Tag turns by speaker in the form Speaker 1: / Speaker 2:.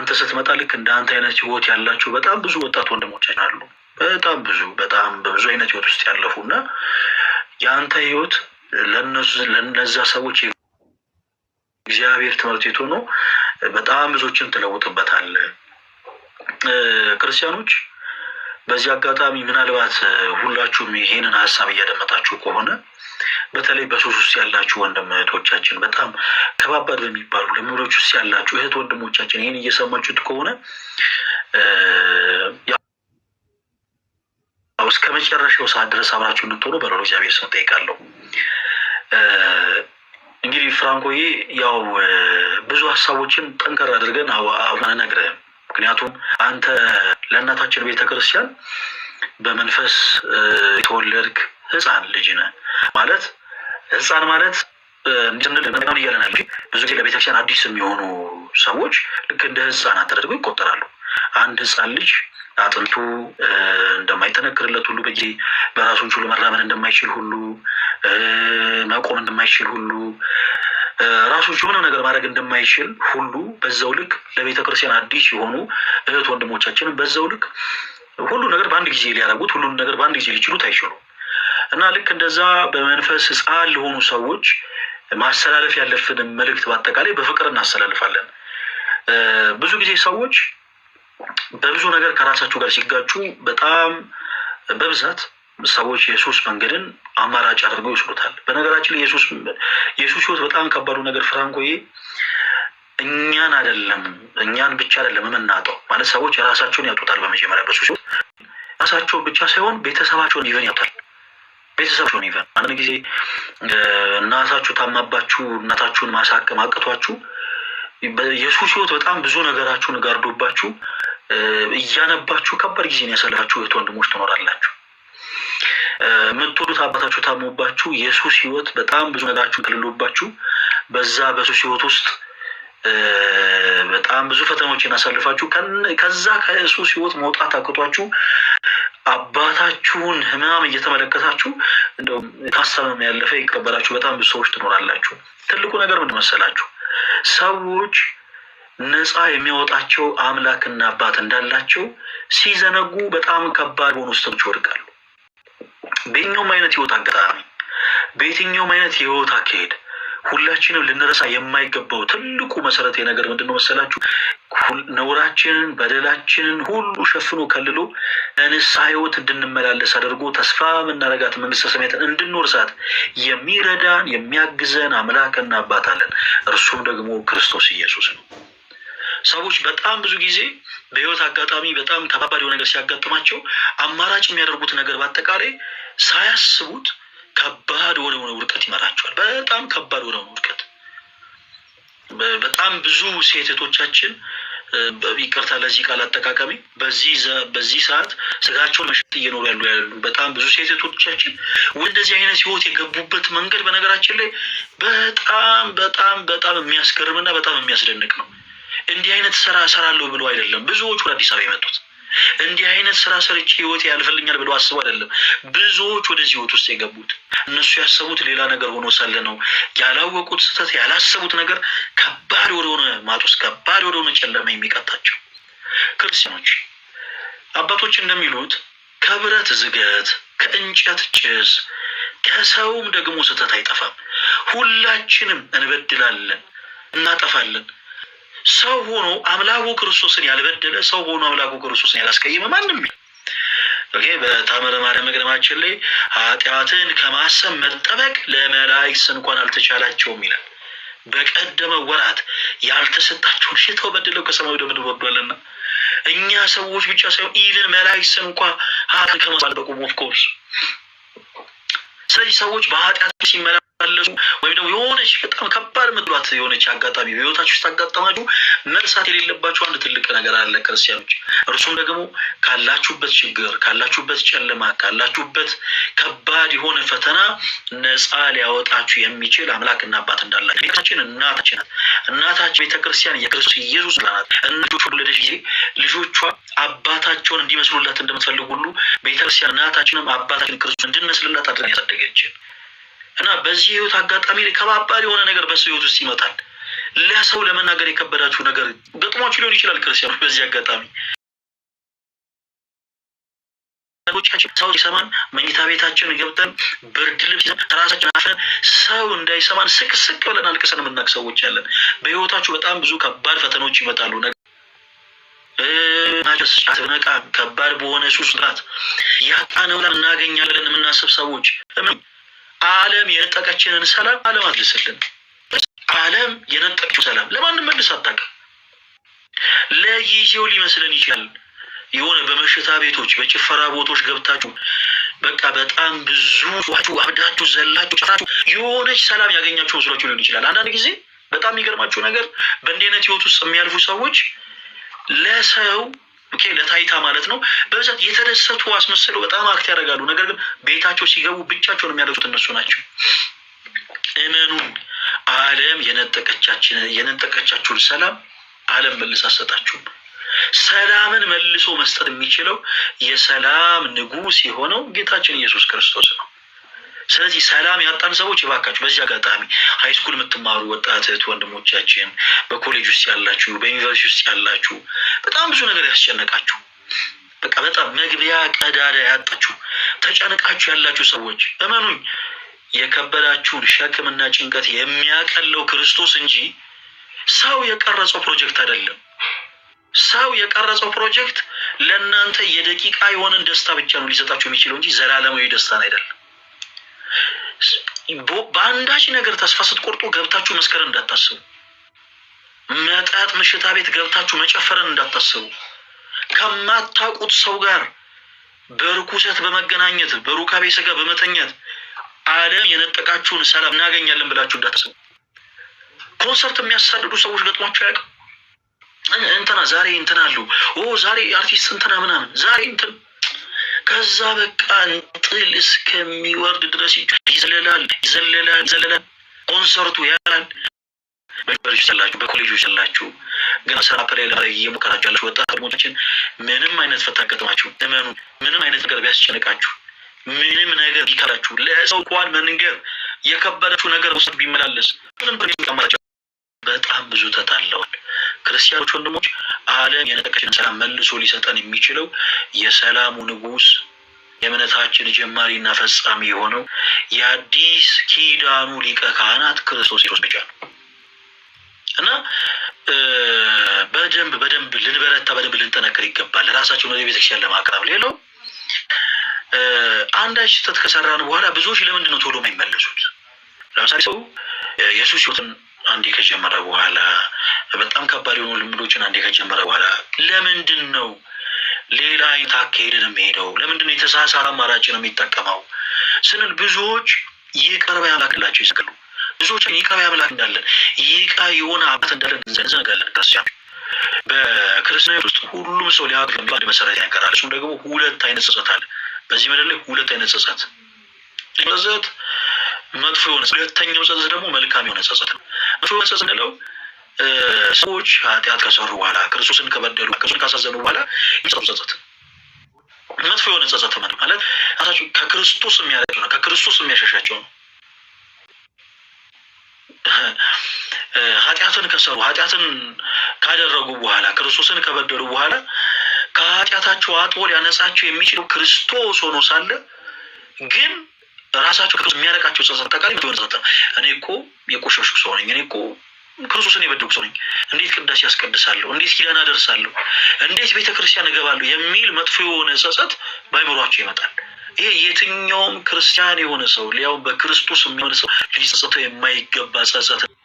Speaker 1: አንተ ስትመጣ ልክ እንደ አንተ አይነት ህይወት ያላቸው በጣም ብዙ ወጣት ወንድሞቻችን አሉ። በጣም ብዙ በጣም በብዙ አይነት ህይወት ውስጥ ያለፉ እና የአንተ ህይወት ለነዛ ሰዎች እግዚአብሔር ትምህርት ቤት ሆኖ በጣም ብዙዎችን ትለውጥበታል። ክርስቲያኖች በዚህ አጋጣሚ ምናልባት ሁላችሁም ይሄንን ሀሳብ እያደመጣችሁ ከሆነ በተለይ በሱስ ውስጥ ያላችሁ ወንድም እህቶቻችን፣ በጣም ከባባድ በሚባሉ ልምዶች ውስጥ ያላችሁ እህት ወንድሞቻችን ይህን እየሰማችሁት ከሆነ እስከ መጨረሻው ሰዓት ድረስ አብራችሁ እንድትሆኑ በረሮ እግዚአብሔር ስም ጠይቃለሁ። እንግዲህ ፍራንኮዬ ያው ብዙ ሀሳቦችን ጠንከር አድርገን አልነግርህም። ምክንያቱም አንተ ለእናታችን ቤተክርስቲያን በመንፈስ የተወለድክ ህፃን ልጅ ነህ ማለት ህፃን ማለት እንድንል እያለናል። ብዙ ጊዜ ለቤተክርስቲያን አዲስ የሚሆኑ ሰዎች ልክ እንደ ህፃን ተደርገው ይቆጠራሉ። አንድ ህፃን ልጅ አጥንቱ እንደማይጠነክርለት ሁሉ በጊዜ በራሱን ችሎ መራመድ እንደማይችል ሁሉ መቆም እንደማይችል ሁሉ ራሱን ችሎ ምንም ነገር ማድረግ እንደማይችል ሁሉ በዛው ልክ ለቤተ ክርስቲያን አዲስ የሆኑ እህት ወንድሞቻችንም በዛው ልክ ሁሉ ነገር በአንድ ጊዜ ሊያደርጉት ሁሉን ነገር በአንድ ጊዜ ሊችሉት አይችሉም። እና ልክ እንደዛ በመንፈስ ሕፃን ለሆኑ ሰዎች ማስተላለፍ ያለብንን መልእክት በአጠቃላይ በፍቅር እናስተላልፋለን። ብዙ ጊዜ ሰዎች በብዙ ነገር ከራሳቸው ጋር ሲጋጩ በጣም በብዛት ሰዎች የሱስ መንገድን አማራጭ አድርገው ይስሉታል። በነገራችን ላይ የሱስ ህይወት በጣም ከባዱ ነገር ፍራንኮዬ እኛን አይደለም እኛን ብቻ አይደለም የምናጣው ማለት ሰዎች የራሳቸውን ያጡታል። በመጀመሪያ በሱስ ራሳቸውን ብቻ ሳይሆን ቤተሰባቸውን ይዘን ያጡታል። ቤተሰብ ነው ይፈን አንድ ጊዜ እናታችሁ ታማባችሁ እናታችሁን ማሳከም አቅቷችሁ የሱስ ህይወት በጣም ብዙ ነገራችሁን ጋርዶባችሁ እያነባችሁ ከባድ ጊዜን ያሳለፋችሁ እህት ወንድሞች ትኖራላችሁ። የምትወዱት አባታችሁ ታሞባችሁ የሱስ ህይወት በጣም ብዙ ነገራችሁን ክልሎባችሁ በዛ በሱስ ህይወት ውስጥ በጣም ብዙ ፈተናዎችን አሳልፋችሁ ከዛ ከሱስ ህይወት መውጣት አቅቷችሁ አባታችሁን ህመም እየተመለከታችሁ እንደውም ካሰበም ያለፈ ይቀበላችሁ በጣም ብዙ ሰዎች ትኖራላችሁ። ትልቁ ነገር ምን መሰላችሁ? ሰዎች ነፃ የሚያወጣቸው አምላክና አባት እንዳላቸው ሲዘነጉ በጣም ከባድ በሆኑ ውስጥ ይወድቃሉ። በየትኛውም አይነት ህይወት አጋጣሚ፣ በየትኛውም አይነት የህይወት አካሄድ ሁላችንም ልንረሳ የማይገባው ትልቁ መሰረታዊ ነገር ምንድነው መሰላችሁ? ነውራችንን በደላችንን ሁሉ ሸፍኖ ከልሎ ለንስሐ ሕይወት እንድንመላለስ አድርጎ ተስፋ መናረጋት መንግስተ ሰማያትን እንድንወርሳት የሚረዳን የሚያግዘን አምላክና አባት አለን። እርሱም ደግሞ ክርስቶስ ኢየሱስ ነው። ሰዎች በጣም ብዙ ጊዜ በህይወት አጋጣሚ በጣም ከባባድ የሆነ ነገር ሲያጋጥማቸው አማራጭ የሚያደርጉት ነገር በአጠቃላይ ሳያስቡት ከባድ ወደ ሆነ ውድቀት ይመራቸዋል። በጣም ከባድ ወደ ሆነ ውድቀት በጣም ብዙ ሴቶቻችን ይቅርታ ለዚህ ቃል አጠቃቀሚ በዚህ ሰዓት ስጋቸውን መሸጥ እየኖሩ ያሉ ያሉ በጣም ብዙ ሴቶቻችን ወደዚህ አይነት ህይወት የገቡበት መንገድ በነገራችን ላይ በጣም በጣም በጣም የሚያስገርምና በጣም የሚያስደንቅ ነው። እንዲህ አይነት ስራ እሰራለሁ ብሎ አይደለም ብዙዎቹ ወደ አዲስ አበባ የመጡት። እንዲህ አይነት ስራ ሰርቼ ህይወት ያልፍልኛል ብለው አስቡ አይደለም ብዙዎች ወደዚህ ህይወት ውስጥ የገቡት። እነሱ ያሰቡት ሌላ ነገር ሆኖ ሳለ ነው ያላወቁት ስህተት፣ ያላሰቡት ነገር ከባድ ወደሆነ ማጥ ከባድ ወደሆነ ጨለማ የሚቀጣቸው። ክርስቲያኖች አባቶች እንደሚሉት ከብረት ዝገት፣ ከእንጨት ጭስ፣ ከሰውም ደግሞ ስህተት አይጠፋም። ሁላችንም እንበድላለን፣ እናጠፋለን። ሰው ሆኖ አምላኩ ክርስቶስን ያልበደለ ሰው ሆኖ አምላኩ ክርስቶስን ያላስቀየመ ማንም ኦኬ በታምረ ማርያም መግረማችን ላይ ኃጢአትን ከማሰብ መጠበቅ ለመላእክት እንኳን አልተቻላቸውም ይላል። በቀደመ ወራት ያልተሰጣቸውን ሽተው በድለው ከሰማዊ ደምድ በበለና እኛ ሰዎች ብቻ ሳይሆን ኢቨን መላእክት እንኳ ኃጢአትን ከማሰብ አልበቁም። ኦፍኮርስ ስለዚህ ሰዎች በኃጢአት ሲመላ መለሱ ወይም ደግሞ የሆነች በጣም ከባድ ምግባት የሆነች አጋጣሚ በህይወታችሁ ውስጥ ስታጋጠማችሁ መርሳት የሌለባችሁ አንድ ትልቅ ነገር አለ ክርስቲያኖች። እርሱም ደግሞ ካላችሁበት ችግር፣ ካላችሁበት ጨለማ፣ ካላችሁበት ከባድ የሆነ ፈተና ነፃ ሊያወጣችሁ የሚችል አምላክና አባት እንዳላችሁ ቤታችን እናታችን ናት። እናታችን ቤተክርስቲያን የክርስቶስ ኢየሱስ ናት። እናቶች ወለደች ጊዜ ልጆቿ አባታቸውን እንዲመስሉላት እንደምትፈልግ ሁሉ ቤተክርስቲያን እናታችንም አባታችን ክርስቶስ እንድንመስልላት አድርገን ያሳደገችን እና በዚህ ህይወት አጋጣሚ ላይ ከባባድ የሆነ ነገር በሰው ህይወት ውስጥ ይመጣል። ለሰው ለመናገር የከበዳችሁ ነገር ገጥሟችሁ ሊሆን ይችላል። ክርስቲያኖች በዚህ አጋጣሚ ሰው ይሰማን መኝታ ቤታችን ገብተን ብርድ ልብስ ራሳችን አፈን ሰው እንዳይሰማን ስቅስቅ ብለን አልቅሰን የምናቅ ሰዎች ያለን። በህይወታችሁ በጣም ብዙ ከባድ ፈተናዎች ይመጣሉ። ነቃ ከባድ በሆነ ሱስ ጣት ያጣነው እናገኛለን የምናስብ ሰዎች ዓለም የነጠቀችንን ሰላም ዓለም አትመልስልን። ዓለም የነጠቀችው ሰላም ለማንም መልስ አታውቅም። ለጊዜው ሊመስለን ይችላል። የሆነ በመሸታ ቤቶች በጭፈራ ቦታዎች ገብታችሁ በቃ በጣም ብዙ ዋችሁ አብዳችሁ ዘላችሁ ጭራችሁ የሆነች ሰላም ያገኛችሁ መስሏችሁ ሊሆን ይችላል። አንዳንድ ጊዜ በጣም የሚገርማችሁ ነገር በእንዲህ አይነት ህይወት ውስጥ የሚያልፉ ሰዎች ለሰው ኦኬ ለታይታ ማለት ነው። በብዛት የተደሰቱ አስመስለው በጣም አክት ያደርጋሉ። ነገር ግን ቤታቸው ሲገቡ ብቻቸውን የሚያደርሱት እነሱ ናቸው። እመኑን ዓለም የነጠቀቻችሁን ሰላም ዓለም መልስ አሰጣችሁም። ሰላምን መልሶ መስጠት የሚችለው የሰላም ንጉስ የሆነው ጌታችን ኢየሱስ ክርስቶስ ነው። ስለዚህ ሰላም ያጣን ሰዎች ይባካችሁ፣ በዚህ አጋጣሚ ሃይስኩል የምትማሩ ወጣት እህት ወንድሞቻችን፣ በኮሌጅ ውስጥ ያላችሁ፣ በዩኒቨርሲቲ ውስጥ ያላችሁ በጣም ብዙ ነገር ያስጨነቃችሁ በቃ በጣም መግቢያ ቀዳዳ ያጣችሁ ተጨንቃችሁ ያላችሁ ሰዎች እመኑኝ የከበዳችሁን ሸክምና ጭንቀት የሚያቀለው ክርስቶስ እንጂ ሰው የቀረጸው ፕሮጀክት አይደለም። ሰው የቀረጸው ፕሮጀክት ለእናንተ የደቂቃ የሆነን ደስታ ብቻ ነው ሊሰጣችሁ የሚችለው እንጂ ዘላለማዊ ደስታን አይደለም። በአንዳች ነገር ተስፋ ስትቆርጡ ገብታችሁ መስከረን እንዳታስቡ፣ መጠጥ ምሽታ ቤት ገብታችሁ መጨፈርን እንዳታስቡ፣ ከማታውቁት ሰው ጋር በርኩሰት በመገናኘት በሩካቤ ስጋ በመተኛት ዓለም የነጠቃችሁን ሰላም እናገኛለን ብላችሁ እንዳታስቡ። ኮንሰርት የሚያሳድዱ ሰዎች ገጥሟቸው ያውቅ እንትና ዛሬ እንትና አሉ ኦ ዛሬ አርቲስት እንትና ምናምን ዛሬ እንትን ከዛ በቃ እንጥል እስከሚወርድ ድረስ ይዘለላል ይዘለላል ይዘለላል። ኮንሰርቱ ያላል በዩኒቨርሲቲ ያላችሁ በኮሌጆች ያላችሁ ግን ስራ ፕላይ ላይ እየሞከራችሁ ያላችሁ ወጣት ወንድሞቻችን ምንም አይነት ፈተና ገጥማችሁ እመኑ። ምንም አይነት ነገር ቢያስጨንቃችሁ፣ ምንም ነገር ቢከራችሁ፣ ለሰው እንኳን መንገር የከበረችሁ ነገር ውስጥ ቢመላለስ ምንም በጣም ብዙ ተታለዋል። ክርስቲያኖች ወንድሞች፣ ዓለም የነጠቀችን ሰላም መልሶ ሊሰጠን የሚችለው የሰላሙ ንጉስ የእምነታችን ጀማሪና ፈጻሚ የሆነው የአዲስ ኪዳኑ ሊቀ ካህናት ክርስቶስ ኢየሱስ ብቻ ነው እና በደንብ በደንብ ልንበረታ በደንብ ልንጠነክር ይገባል። ራሳቸውን ወደ ቤተክርስቲያን ለማቅረብ ሌለው አንዳች ስህተት ከሰራን በኋላ ብዙዎች ለምንድን ነው ቶሎ የማይመለሱት? ለምሳሌ ሰው የሱስ ህይወትን አንዴ ከጀመረ በኋላ በጣም ከባድ የሆኑ ልምዶችን አንዴ ከጀመረ በኋላ ለምንድን ነው ሌላ አይነት አካሄድን የሚሄደው ለምንድነው? የተሳሳተ ነው የሚጠቀመው ስንል ብዙዎች ይቅርባ ያምላክላቸው ይሰግሉ ብዙዎች ይቅርባ ያምላክ እንዳለን ይቃ የሆነ አባት እንዳለን እንዘነጋለን። ክርስቲያን በክርስትና ውስጥ ሁሉም ሰው ሊያገ አንድ መሰረት ያገራል። እሱም ደግሞ ሁለት አይነት ጸጸት አለ። በዚህ ምድር ላይ ሁለት አይነት ጸጸት ጸጸት መጥፎ የሆነ ሁለተኛው ጸጸት ደግሞ መልካም የሆነ ጸጸት ነው። መጥፎ የሆነ ጸጸት እንለው ሰዎች ኃጢአት ከሰሩ በኋላ ክርስቶስን ከበደሉ ክርስቶስን ካሳዘኑ በኋላ ይጸጡ ጸጸት መጥፎ የሆነ ጸጸት ማለት ራሳቸው ከክርስቶስ የሚያደቸው ነው። ከክርስቶስ የሚያሸሻቸው ነው። ኃጢአትን ከሰሩ ኃጢአትን ካደረጉ በኋላ ክርስቶስን ከበደሉ በኋላ ከኃጢአታቸው አጥቦ ሊያነሳቸው የሚችለው ክርስቶስ ሆኖ ሳለ ግን ራሳቸው ከክርስቶስ የሚያረቃቸው ጸጸት ተቃሪ ጸጸት ነው። እኔ እኮ የቆሸሹ ሰው ነኝ። እኔ እኮ ክርስቶስን የበደልኩ ሰው ነኝ። እንዴት ቅዳሴ ያስቀድሳለሁ? እንዴት ኪዳን አደርሳለሁ? እንዴት ቤተ ክርስቲያን እገባለሁ? የሚል መጥፎ የሆነ ጸጸት በአይምሯቸው ይመጣል። ይሄ የትኛውም ክርስቲያን የሆነ ሰው ሊያውም በክርስቶስ የሚሆነ ሰው ሊጸጸተው የማይገባ ጸጸት ነው።